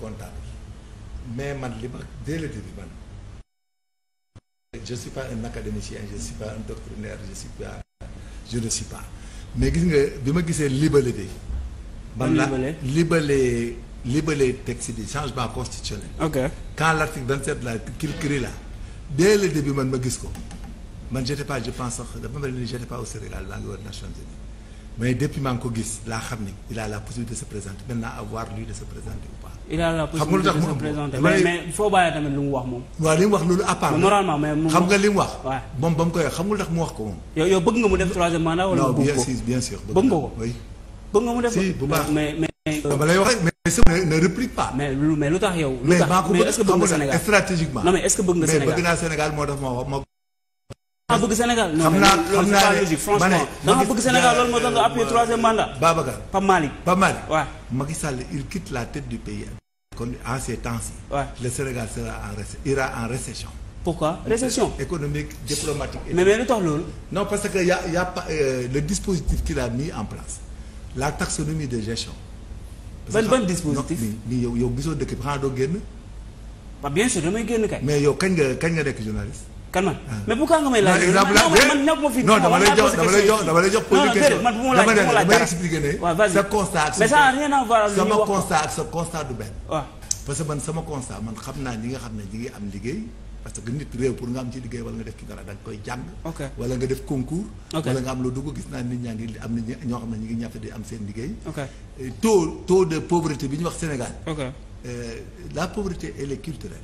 comptable mais man li ma dès le début man je suis un académicien je un doctrinaire je suis mais gis nga bi ma gisee libellé bi man la libellé libellé texte changement constitutionnel ok quand l'article 27 la qu'il crée là dès le début man ma gis ko man j'étais pas je pense sax dama mel ni j'étais au Sénégal maa ngi woon Nations Unies mais depuis maa ko gis laa xam ni il la possibilité de se présenter maintenant à lui de se présenter ou pas. il la possibilité de se présenter mais mais il tamit lu mu wax moom. waaw li mu wax loolu à part. normalement mais mu wax. waaw moom ba mu koy lu tax mu wax ko lu tax yow. est-ce que bëgg nga Sénégal stratégiquement. non mais est-ce que bëgg nga Sénégal mais bëgg naa Sénégal moo tax moo dama bëgg Sénégal non mais loolu c'est pas moo tax nga appuyé troisième mandat. Babacar Pape Malick Pape Malick. waaw Macky Sall il quitte la tête du pays. kon en ces temps-ci. waaw le Sénégal sera en réce ira en récession. pourquoi récession. économique diplomatique. mais mais lu tax loolu. non parce que y' a pas euh, le dispositif qu'il a mis en place la taxonomie de gestion. ban ban dispositif ni yow yow gisoo dëkk bi xanaa doo génn. bien sûr damay génn kay. mais yow kañ nga kañ nga nekk journaliste. kan man mais pourquoi nga may laaj. exemple man nekk ma fi. non dama lay jox dama lay jox dama lay jox poser question. man bu ma laaj dama lay expliquer ne. waaw vas-y sa constat ak. mais ça n'a rien à voir ak sama constat ak sa constat du benn. waaw parce que man sama constat man xam naa ñi nga xam ne ñi ngi am liggéey. parce que nit réew pour nga am ci liggéey wala nga def ci dara da nga koy jàng. wala nga def concours. wala nga am lu dugg gis naa nit ñaa ngi am nit ñoo xam ne ñu ngi ñaata di am seen liggéey. taux taux de pauvreté bi ñu wax Sénégal. Euh, la pauvreté elle est culturelle.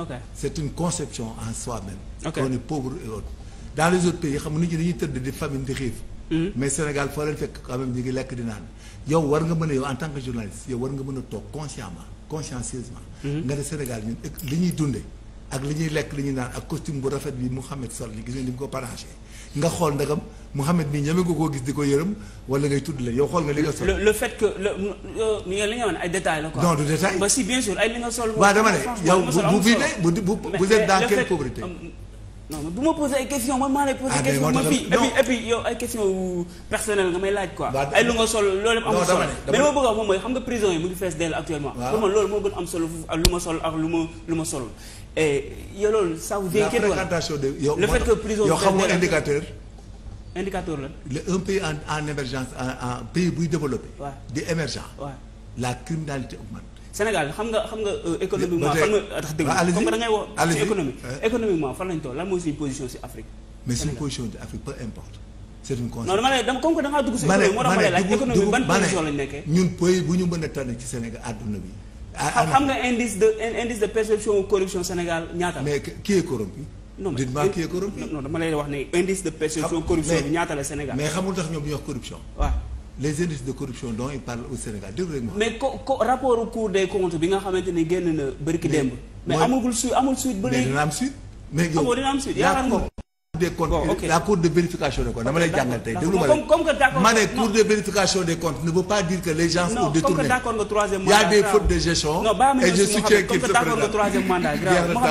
Okay. c'est une conception en soi-même. Okay. qu'on est pauvre et autres. dans les autres pays xam nga nit ñi tëdd di famine di xiif. Mm-hmm. mais Sénégal foo fekk quand même ngi lekk di naan yow war nga mën a yow en tant que journaliste yow war nga mën a toog consciemment consciencieusement. Mm-hmm. nga ne Sénégal li ñuy dundee. ak li ñuy lekk li ñuy naan ak costume bu rafet bi Mouhamed sol ni gis nga ni mu ko parangé nga xool ndagam Mouhamed mii ñeme nga koo gis di ko yërëm wala ngay tudd la yow xool nga li nga sol. le fait que le euh, li nga wax ay détails la quoi. non détail. ba si bien sûr ay li nga sol. waaw dama ne yow bu bu bu vous êtes dans quelle non non du ma posé ay questions man maa ah, ma fii et ay questions yu nga may laaj quoi. ay lu nga sol loolu am solo mais li ma bëgg a moom mooy xam nga prison yi mu ngi fees dell actuellement. waaw pour man loolu moo gën am solo ak lu ma sol lu ma lu ma sol. et yow loolu ça vous de quoi le fait que prison yow xam nga indicateur. indicateur la. le un pays en en émergence en pays buy développé. waaw di émergent. la criminalité augmente. Sénégal xam nga xam nga économiquement fan nga tax dëgg comme mooy suñu position ci Afrique mais suñu position ci Afrique peu importe c'est une conséquence non dama lay comme que dugg ci moo tax ma nekkee ñun pays bu ñu mën a ci Sénégal àdduna bi ah, xam nga indice de indice de perception corruption Sénégal ñaata mais qui est corrompu non dites-moi qui est corrompu non dama lay wax ne indice de perception corruption bi ñaata la Sénégal mais xamul tax ñoom ñu les indices de corruption dont il parle au Sénégal déglu rek mais ko ko rapport Cour des comptes bi nga xamante ne génn na bërki démb. mais amagul suite amul suite ba léegi. mais dina am suite. mais yow yaakaar des comptes la cour de vérification des comptes dama lay jàngal tey déglu ma rek ma ne de vérification des comptes ne veut pas dire que les gens non, sont détournés des fautes de gestion et je soutiens qu'il se présente